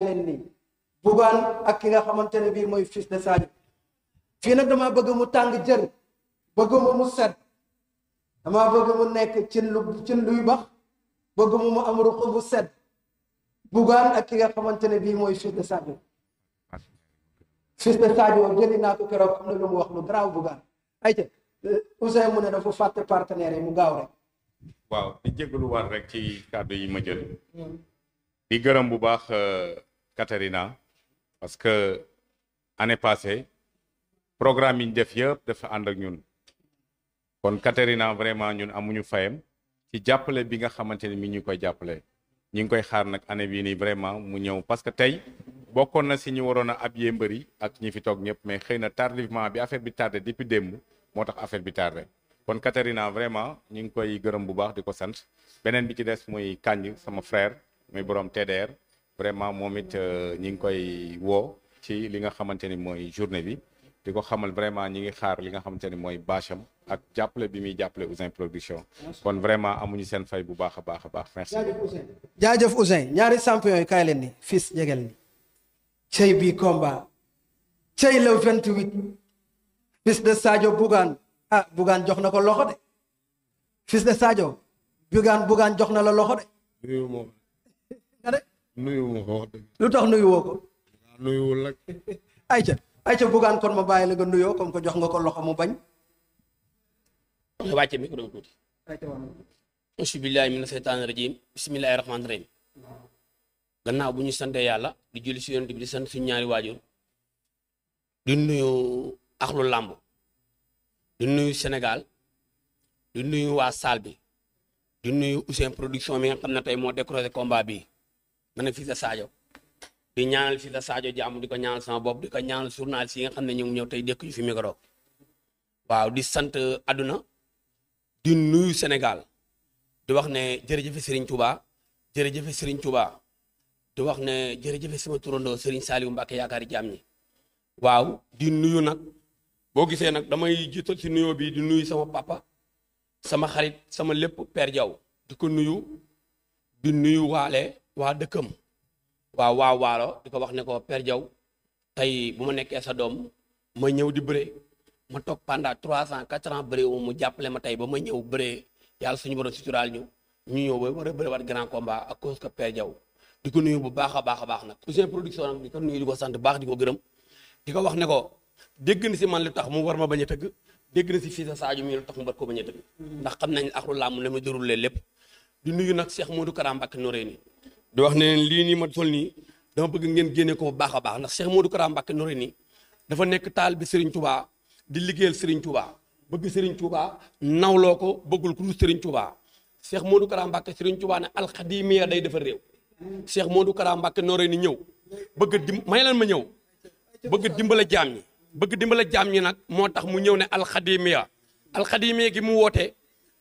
leen nii bugaan ak ki nga xamante ne bii mooy fis de Sadio fii nag damaa bëgg mu tàng jër bëgg mu mu set damaa bëgg mu nekk cin lu cin luy bax bëgg mu mu am ruq bu set ak ki nga xamante ne bii mooy fils de Sadio fils de Sadio jëli naa ko keroog am na lu mu wax lu garaaw bugaan ayca euh, Ousseyn mu ne dafa fàtte partenaire yi mu gaaw rek. waaw di jégaluwaat rek ci kàddu yi ma jël. Hmm. bu baax. Euh, Katharina parce que année passée programme yi ñu def yëpp dafa ànd ak ñun kon Katharina vraiment ñun amuñu fayam ci jàppale bi nga xamante ni mi ñu koy jàppale ñi ngi koy xaar nag année bii nii vraiment mu ñëw parce que tey bokkoon na si ñu waroon a habillé mbëri ak ñi fi toog ñëpp mais xëy na tardivement bi affaire bi tardé depuis démb moo tax affaire bi tardé kon Katharina vraiment ñu ngi koy gërëm bu baax di ko sant beneen bi ci des muy kànj sama frère muy borom TDR. vraiment moom it euh, ñi ngi koy woo ci li nga xamante ni mooy journée bi di ko xamal vraiment ñi ngi xaar li nga xamante ni mooy bâche am ak jàppale bi muy jàppale Ouzin production kon vraiment amuñu seen fay bu baax a baax a baax merci jaajëf Ouzin ñaari champion yooyu kaay leen ni fils jegel ni cey bii combat cey le 28 fils de Sadio Bougane ah Bougane jox na ko loxo de fils de Sadio Bougane Bougane jox na la loxo de nuyuwuma ko wax dëgg. lu tax nuyuwoo ko. nuyuwul nag. ayca kon ma bàyyi la nga nuyoo comme que jox nga ko loxo mu bañ. nga wàcce micro bi tuuti. auzu bu ñu santee yàlla di julli si yonent bi di ñaari waajur. di nuyu axlu làmb. di nuyu Sénégal. di nuyu waa salle bi. di nuyu Ouzin production bi nga xam ne tey moo décroché combat bi. ma ne fils di ñaanal fils de Sadio jàmm di ko ñaanal sama bopp di ko ñaanal journaliste nga xam ne ñoom ngi ñëw tey dékk ñu fi micro waaw di sant àdduna di nuyu Sénégal di wax ne jërëjëf Serigne Touba jërëjëf Serigne Touba di wax ne jërëjëf sama turandoo Serigne Saliou Mbacke yaakaari jaam ñi waaw di nuyu nag boo gisee nag damay jiital si nuyoo bi di nuyu sama papa sama xarit sama lépp Père Diaw di ko nuyu di nuyu waale waa dëkkam waa waaw waalo di ko wax ne ko Père Diaw tey bu ma nekkee sa doom ma ñëw di bëre ma toog pendant trois ans quatre ans bëre wu mu jàppale ma tey ba ma ñëw bëree yàlla suñu borom suturaal ñu ñu ñëw ba war a bëre waat grand combat à cause que Père Diaw di ko nuyu bu baax a baax a baax nag Ouzin Production nag di ko nuyu di ko sant baax di ko gërëm di ko wax ne ko dégg na si man lu tax mu war ma bañ a tëgg dégg na si fii sa Sadio mi lu tax mu war ko bañ a ndax xam nañ axlu làmb ne mu déroulé lépp di nuyu nag Cheikh Modou Karam Mbacké Noreyni di wax ne lii nii ma tol nii dama bëgg ngeen génne ko bu baax a baax ndax Cheikh Modou Kara Mbacké Noreyni dafa nekk taal bi Serigne Touba di liggéeyal Serigne Touba bëgg Serigne Touba nawloo ko bëggul ku dul Serigne Touba Cheikh Modou Kara Mbacké Serigne Touba ne alxadimiya day dafa réew Cheikh Modou Kara Mbacké Noreyni ñëw bëgg dim may ma ñëw bëgg dimbala jaam ñi bëgg dimbala jaam ñi nag moo tax mu ñëw ne alxadimiya alxadimiya gi mu woote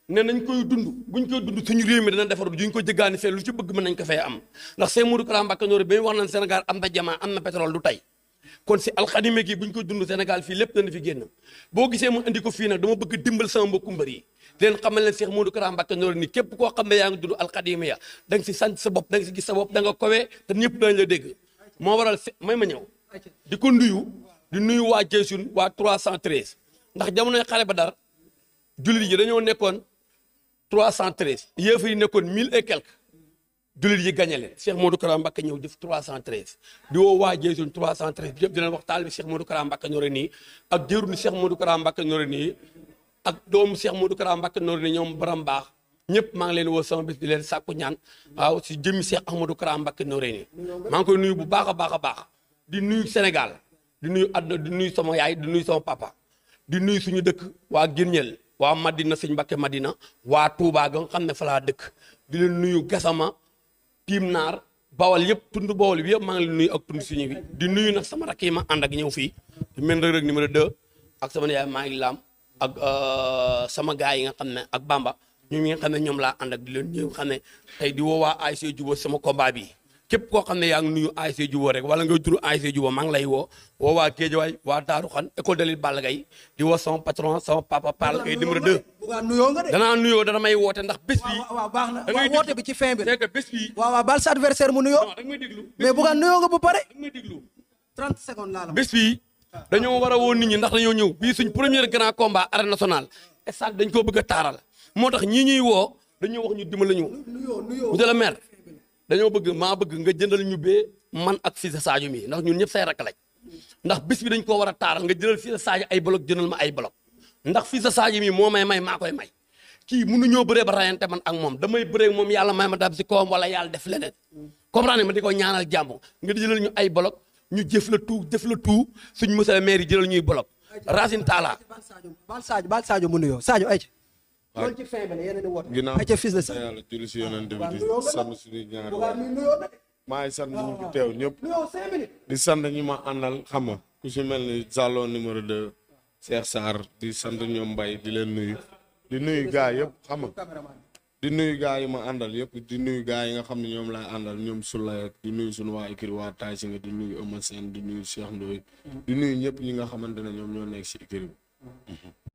ne nañ koy dund buñ koy dund suñu réew mi dana defaru duñ ko jëggaani fee lu ci bëgg mën nañ ko fay am ndax Sëñ Modou Kara Mbacké Noreyni bi wax nañ Sénégal na jamaa am na pétrole du tey kon si alxadime gi buñ ko dund Sénégal fii lépp dana fi génn boo gisee mu andi ko fii nag dama bëgg dimbal sama mbokku mbër yi di leen xamal leen Sëñ Modou Kara Mbacké Noreyni ni képp koo xam ne yaa ngi dund alxadime ya da si sant sa bopp da nga si gis sa bopp da nga kowee te ñëpp dañ la dégg moo waral si may ma ñëw di ko nuyu di nuyu waa Jeysun waa 313 ndax jamonoy xare ba dar jullit yi dañoo nekkoon 313 yéefar yi nekkoon 1000 et quelque jullit yi gagné leen Cheikh Modou Kara Mbacké ñëw def 313 di woo waa Jeysoon 313 bi yëpp dinañ wax taalibe Cheikh Modou Kara Mbacké ñore nii ak jëruñu Cheikh Modou Kara Mbacké ñore nii ak doomu Cheikh Modou Kara Mbacké ñore nii ñoom baram baax ñëpp maa ngi leen woo sama bis di leen sàkku ñaan waaw si jëmmi Cheikh Ahmadou Kara Mbacké ñore nii maa ngi koy nuyu bu baax a baax a baax di nuyu Sénégal di nuyu àdduna di nuyu sama yaay di nuyu sama papa di nuyu suñu dëkk waa Guineel waa Madina sëñ Mbakke Madina waa Touba ga nga xam ne fa laa dëkk di leen nuyu Gasama Tiim Naar Bawal yëpp tund Bawal bi yëpp maa ngi leen nuyu ak tund suñu bi di nuyu nag sama rakk yi ma ànd ak ñëw fii men rëg rëg numéro 2 ak sama yaay maa ngi laam ak euh, sama gars yi nga xam ne ak Bamba ñu ñi nga xam ne ñoom laa ànd ak di leen ñëw xam ne tey di woowaa ASC Juba e sama combat bi képp koo xam ne yaa ngi nuyu ASC e Jubo rek wala ngay turu ay e Jubo maa ngi lay woo woo waa Kédiawaay waa Daaru Xan école de lutte Balla Gaye di woo sama patron sama papa Balla Gaye numéro 2. nuyoo dana may woote ndax bés bi. waaw baax na waaw woote bi ci fin bi. c'est que bés bi. waaw war a woo nit ñi ndax dañoo ñëw bii suñ premier grand combat arène nationale. stade dañ ko bëgg a taaral moo tax ñii ñuy woo dañoo wax ñu dimbali ñu. monsieur le dañoo bëgg maa bëgg nga jëndal ñu bee man ak Cissé Sadio mi ndax ñun ñëpp say rakk lañ ndax bis bi dañ koo war a taaral nga jëndal Cissé Sadio ay bloc jëndal ma ay bloc ndax Cissé Sadio mi moo may may maa koy may kii mënuñoo bëree ba rayante man ak moom damay bëree moom yàlla may ma dab si kawam wala yàlla def leneen comprendre ma di ko ñaanal jàmm nga jëlal ñu ay bloc ñu jëf la tout jëf la tout suñu monsieur le maire yi jëlal ñuy bloc Racine Talla. Baal Sadio baal Sadio mu nuyoo Sadio ay loolu ci fin bi la yéen a di woote. si yonent bi di sant suñuy ñaari maa ngi sant ñu fi teew ñëpp. di sant ñu ma àndal xam nga ku si mel ni Zallo numéro de Cheikh Sarr di sant ñoom mbay di leen nuyu. di nuyu gaa yëpp xam nga di nuyu gaa yi ma àndal yëpp di nuyu gaa yi nga xam ne ñoom laay àndal ñoom Souley di nuyu sunu waa écurie waa Tay Shinger di nuyu Eumeu Sène di nuyu Cheikh Ndoye di nuyu ñëpp ñi nga xamante ne ñoom ñoo nekk si écurie bi mm-hmm.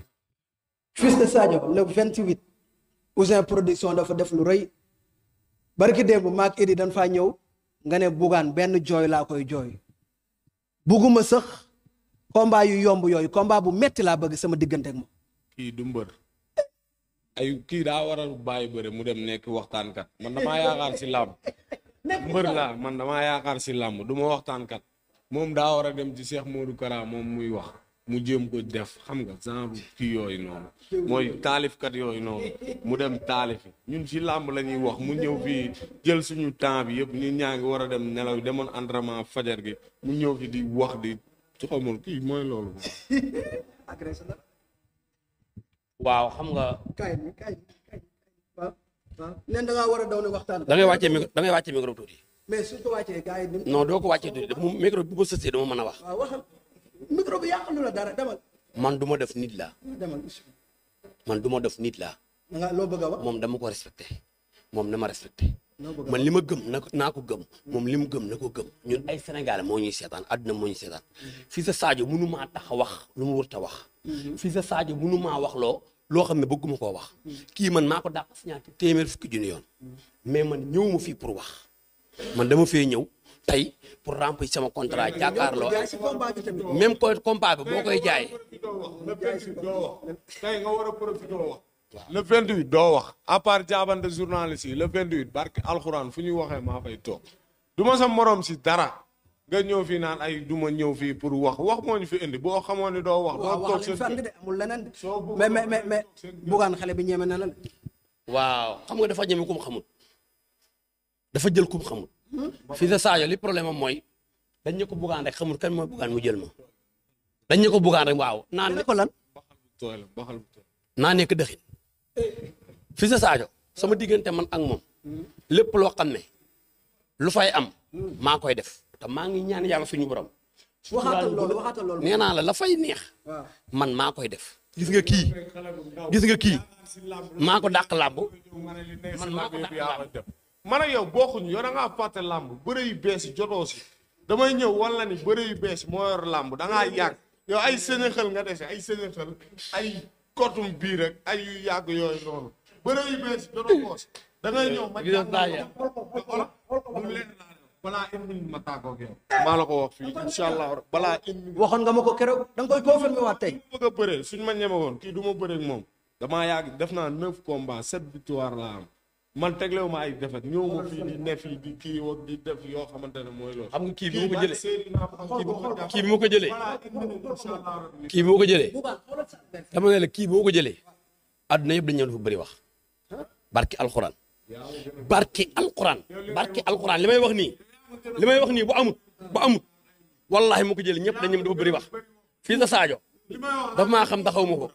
fils de Sadio le 28 Ouzin production dafa def lu rëy barki démb maak Idi dañ faa ñëw nga ne bugaan benn jooy laa koy jooy bugguma sax combat yu yomb yooyu combat bu metti laa bëgg sama diggante ak moom. kii du mbër ay kii daa waral a bàyyi bëre mu dem nekk waxtaankat man damaa yaakaar si làmb mbër laa man damaa yaakaar si làmb du ma waxtaankat moom daa war a dem ci Cheikh Modou Kara moom muy wax. mu jéem ko def xam nga genre kii yooyu noonu mooy taalifkat yooyu noonu mu dem taalifi ñun ci làmb la ñuy wax mu ñëw fii jël suñu temps bi yëpp ñu ñaa ngi war a dem nelaw demoon entraînement fajar gi mu ñëw fi di wax di xamul kii mooy loolu. waaw xam nga. kay kay kay nen da ngaa war a daw ne waxtaan. da ngay wàccee micro da ngay wàccee micro tuuti. mais su ko wàccee doo ko wàccee tuuti de mu micro bu ko sësee mën a wax. micro bi yàqalu man duma def nit laa. Ah, demal man du ma def nit laa. nga loo bëgg a wax moom dama ko respecté moom na ma respecté. man li ma gëm na naa ko gëm moom li mu gëm na ko gëm ñun ay Sénégalais moo ñuy seetaan àdduna moo ñuy seetaan mm-hmm. fii sa Sadio mënu maa tax a wax lu mu wërta wax. Mm-hmm. fii sa Sadio mënu maa wax loo loo xam ne bëgguma ko wax. Mm-hmm. kii man maa ko dàq si téeméer fukki junni yoon. mais man ñëwuma fii pour wax man dama fee ñëw. tey pour remplir sama contrat jàkkaarloo même ko combat boo koy jaay. tey nga war doo wax à part jaabante journaliste yi le 28 barke alxuraan fu ñuy waxee maa fay toog du ma sa morom si dara. nga ñëw fii naan ay du ñëw fii pour wax wax moo ñu fi indi boo xamoon ne doo wax. waaw wax li fànn de amul leneen de mais mais mais mais bugaan bi ñeme na la. waaw xam nga dafa ñeme ku mu dafa jël ku mu fii sa Sadio li problème am mooy dañ ñu ko bugaan rek xamul kan mooy bugaan mu jël ma dañ ñu ko bugaan rek waaw naan ne ko lan naa nekk dëxin fii sa Sadio sama diggante man ak moom lépp loo xam ne lu fay am maa koy def te maa ngi ñaan yàlla suñu borom. waxaatal loolu waxaatal loolu nee naa la la fay neex. man maa koy def. gis nga kii gis nga kii maa ko dàq man maa ko dàq làmb man yow bokkuñu yow da ngaa fàtte làmb bëre yu bees yi damay ñëw walla la ni bëre yu bees moo yor làmb da ngaa yow ay sénéxal nga dese ay sénéxal ay kotum bii rek ay yu yàgg yooyu noonu bëre yu bees yi ñëw ma jàpp mu leen balaa une minute ma tàggoog yow ko wax fii incha allah balaa une minute waxoon nga ma ko keroog da nga koy confirmé waat ma ñeme woon kii du ma bëreeg moom damaa yàgg def naa neuf combats sept victoire laa am man teglewu ma ay defet ñëw ma fii di ne yoo xamante ne mooy loolu xam nga kii bi mu ko jëlee kii bi mu ko jëlee kii bi ko jëlee dama ne la kii boo ko jëlee àdduna yëpp dañ ñëw dafa bëri wax barki alxuraan barki alxuraan barki alxuraan li may wax nii li may wax nii bu amut bu amut wallahi mu ko jëlee ñëpp dañ ñëw dafa bëri wax fii sa Sadio dafa maa xam taxaw ma ko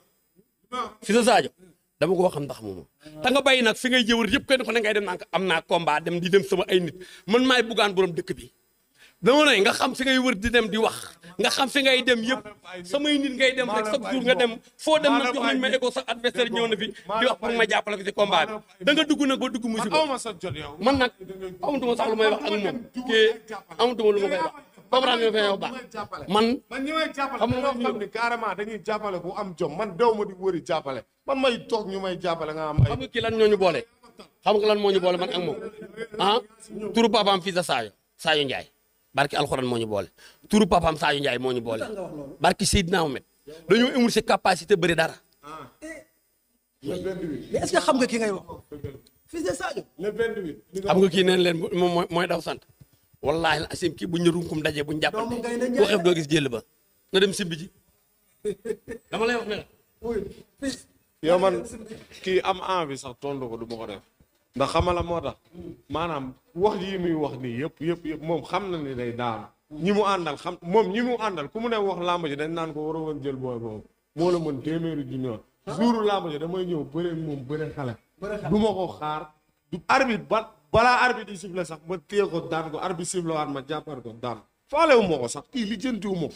fii sa Sadio dama ko xam ndax moom te nga bàyyi nag fi ngay jëwër yëpp kenn ko ne ngay dem naan am naa combat dem di dem sama ay nit man maay bugaan borom dëkk bi dama ne nga xam fi ngay wër di dem di wax nga xam fi ngay dem yëpp samay nit ngay dem rek chaque jour nga dem foo dem nag jox nañ ma écho sax adversaire ñëw na fi di wax pour ma jàppale ko ci combat bi da nga dugg nag ba dugg musiba man nag amatuma sax lu may wax ak moom kii amatuma lu ma koy wax comprendre nga yow baax man. man ñi may jàppale xam nga xam ni carrément dañuy jàppale ku man dew ma di wëri jàppale man may toog ñu may jàppale nga am ay. xam nga ki lan ñoo ñu boole xam nga lan moo ñu boole man ak moom ah turu papaam fii sa Saayo Saayo Ndiaye barki alxuraan moo ñu boole turu papaam Saayo Ndiaye moo ñu boole barki Seydina Ahmed dañoo amul si capacité bëri dara. Ah. Eh. mais est-ce que xam nga ki ngay wax. Ah. fils de Sadio. le 28. kii neen leen moom mooy daw sant. wallaahi la asim kii bu ñu runkum daje bu ñu jàppante boo xef doo gis jël ba na dem simbi ji dama yow man kii am envie sax tontu ko du ma ko def ndax xamala moo tax maanaam wax yi muy wax nii yëpp yëpp yëpp moom xam na ni day daanu ñi mu àndal xam moom ñi mu àndal ku mu ne wax làmb ji dañ naan ko war a woon jël boo boobu moo la mën téeméeri junni ah. jouru làmb ji damay ñëw bëre moom bëre xale du ko xaar arbitre ba balaa arbitre di siffle sax ma téye ko daan ko arbitre siffle waat ma jàppar ko daan faalewu ma ko sax kii lijjantiwu ma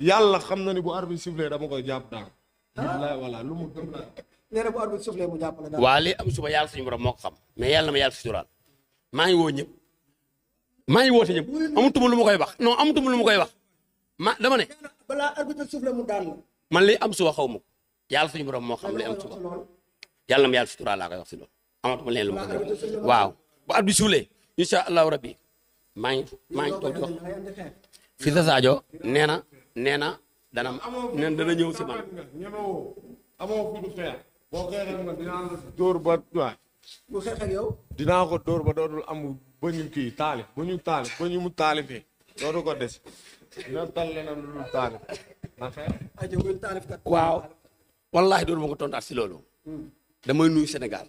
yàlla xam na ni bu arbitre siffle dama koy jàpp daan ah. wallaay wala lu mu gëm laa nee na bu arbitre siffle mu jàpp la daan waa li am suba yàlla suñu borom moo ko xam mais yàlla na ma yàlla suturaal maa ngi woo ñëpp maa ngi woote ñëpp amutuma lu ma koy wax non amutuma lu ma koy wax ma dama ne balaa arbitre siffle mu daan la man li am suba xaw ma ko yàlla suñu borom moo xam li am suba yàlla na ma yàlla suturaal laa koy wax si loolu amatuma leen lu ma ko waaw bu at bi suulee incha allahu rabbi maa ngi maa ngi toog sa Sadio nee na nee na dana nee na dana ñëw si man. dóor ba waay. dinaa ko dóor ba dootul am ba ñu kii taali ba ñu taali ba ñu mu taali fii ko des dina tal leneen lu dul taali. waaw. wallaahi dootu ma ko tontaat si loolu. Hmm. damay nuyu senegal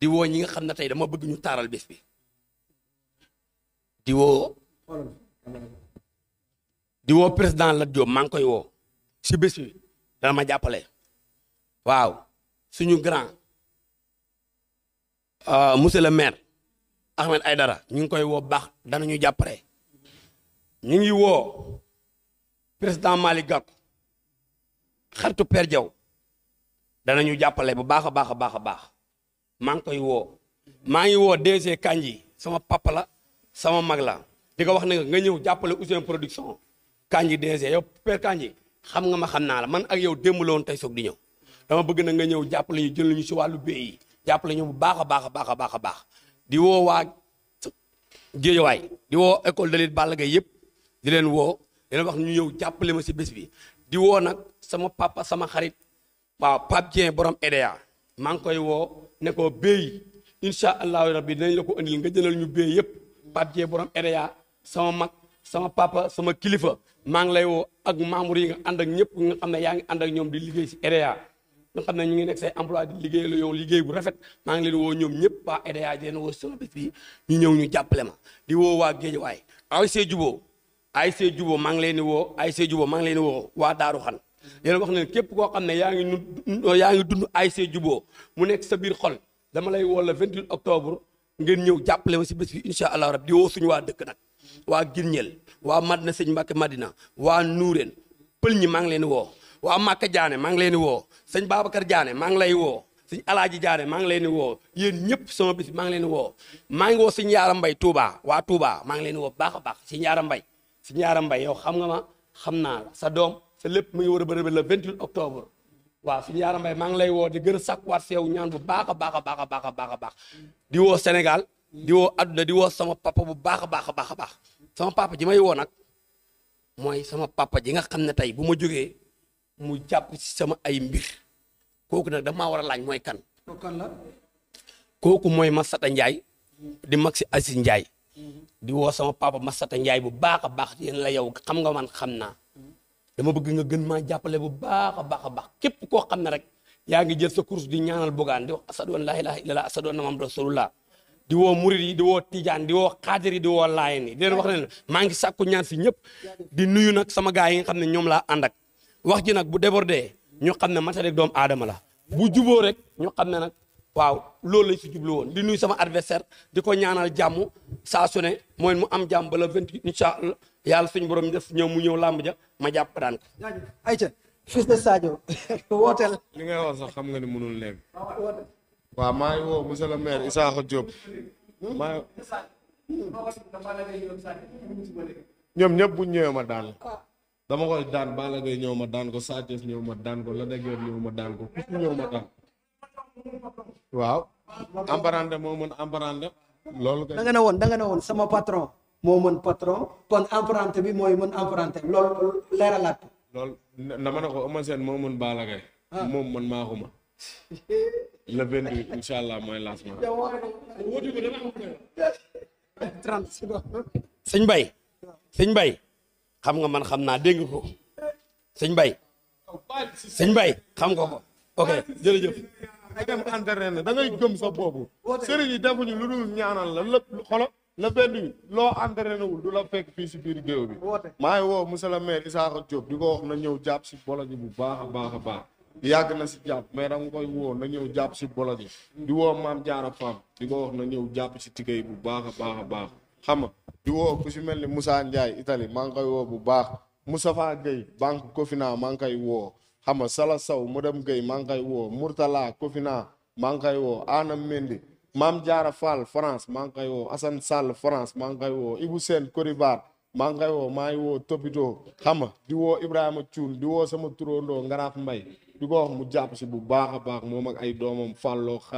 di woo ñi nga xam na tey dama bëgg ñu taaral bis bi di woo di woo président la Diop maa ngi koy woo si bés bi dana ma jàppale waaw suñu grand euh, monsieur le maire Ahmed Aydara ñu ngi koy woo baax danañu jàppale ñu ngi woo président mali Gakou xaritu Père Diaw danañu jàppale bu baax a baax a baax a baax maa ngi koy woo maa ngi woo DG Kandji sama papa sama mag la di ko wax ne nga ñëw jàppale Ouzin Production Kandji DG yow père Kandji xam nga ma xam naa la man ak yow démb la woon tey soog di ñëw dama bëgg na nga ñëw jàppale ñu jël si wàllu béy yi jàppale ñu bu baax a baax a baax a baax a baax di woo waa Géejawaay di woo école de lutte Balla Gaye yëpp di leen woo di leen wax ñu ñëw jàppale ma si bés bi di woo nag sama papa sama xarit waa Pape Dieng borom EDA maa ngi koy woo ne ko béy incha allahu rabbi dinañ la ko andil nga jëlal ñu béy yëpp Pape jee borom RIA sama mag sama papa sama kilifa maa ngi lay woo ak membres yi nga ànd ak ñëpp nga xam ne yaa ngi ànd ñoom di liggéey si RIA nga xam ne ñu ngi nekk say emploi di liggéey la yow liggéey bu rafet maa ngi leen woo ñoom ñëpp paa RIA di leen woo sama bés bi ñu ñëw ñu jàppale ma di woo waa Géejawaay ASC Juboo ASC Juboo maa ngi leen di woo ASC Juboo maa ngi leen di woo waa Daaru Xan yéen wax ne képp koo xam ne yaa ngi nu yaa ngi dund ASC Juboo mu nekk sa biir xol dama lay woo le 28 octobre ngeen ñëw jàppale ma si bés bi incha allah rab di woo suñu waa dëkk nag waa Guirñel waa na Sëñ Mbàkke Madina waa Nuureen pël ñi maa ngi leen woo waa Màkka Jaane maa ngi leen woo sëñ Babacar Jaane maa ngi lay woo sëñ Alaaji Jaane maa ngi leen woo yen ñëpp sama bis maa ngi leen woo maa woo sëñ Yaara Mbay Touba waa Touba maa ngi leen woo baax a baax sëñ Yaara Mbay sëñ Yaara Mbay yow xam nga ma xam naa sa doom te lépp mu ngi war a bëri le 28 octobre waaw suñu mbay maa ngi lay woo di gën a sakkuwaat si yow ñaan bu baax baax baax baax a a baax di woo senegal di woo adduna di woo sama papa bu baax baax a baax a baax sama papa ji may woo nag mooy sama papa ji nga xam ne tey bu ma jógee mu jàpp si sama ay mbir kooku nag damaa war a laaj mooy kan. kan la. kooku mooy Massata Ndiaye di maksi si Aziz di woo sama papa Massata njaay bu baax a baax yéen la yow xam nga man xam naa. dama bëgg nga gën maa jàppale bu baax a baax a baax képp koo xam ne rek yaa ngi jël sa course di ñaanal bugaan di wax asadu an laa ilaha illallah asadu anna muhammad rasulullah di woo murid yi di woo tijaan di woo xaadir di woo laayen yi di leen wax ne maa ngi sàkku ñaan si ñëpp di nuyu nag sama gaay yi xam ne ñoom laa ànd ak wax ji nag bu débordé ñu xam ne matalik doom aadama la bu juboo rek ñoo xam ne nag waaw loolu lañ si jublu woon di nuyu sama adversaire di ko ñaanal jàmm saa su mooy mu am jàmm ba le vingt huit incha allah yàlla suñu borom def ñëw mu ñëw làmb ja ma jàpp daan ayca fils de Sadio li ngay wax sax xam nga ni mënul nekk. Ah, waaw maa ngi woo monsieur le hmm? Hmm, ñëpp bu ñëwee ma daan ah. dama koy daan Balla Gaye ñëw ma daan ko Sa ñëw ma daan ko Lac de ñëw ma daan ko ku ñëw ma daan waaw embarande moo mën embarande loolu da nga woon da nga woon sama patron moo mën patron kon emprunté bi mooy mën emprunté lool leeralaat ko loolu dama ko Eumeu seen moo mën Balla Gaye ah. moom man maaxuma le 28 incha allah mooy lancement sëñ Bay sëñ Bay xam nga man xam naa dégg ko sëñ Bay sëñ xam nga ko ok jërëjëf nga dem entraîné da ngay gëm sa boobu sëriñ yi defuñu lu dul ñaanal la lépp xolo la benn loo entraîné wul du la fekk fii si biir géew bi maa ngi woo monsieur le maire Isaaxa Diop di ko wax na ñëw jàpp si bolo ji bu baax a baax a yàgg na si jàpp mais da nga koy woo na ñëw jàpp si bolo ji di woo maam jaara faam di ko wax na ñëw jàpp si tigéey bu baax a baax a baax xam nga di woo ku si mel ni Moussa Ndiaye itali maa ngi koy woo bu baax musa Moustapha Gueye banque Cofina maa ngi koy woo xam nga Sala saw Modem dem maa ngi koy woo Mourtala Kofina maa ngi koy woo Anam Mendy Maam Jaara Fall France maa ngi koy woo Assane Sall France maa ngi koy woo Ibou Sène Koribar maa ngi koy woo maa ngi woo Topito xam nga di woo Ibrahima Thioune di woo sama turandoo Ngaraaf Mbay di ko mu jàpp si bu baax a baax moom ak ay doomam fàlloo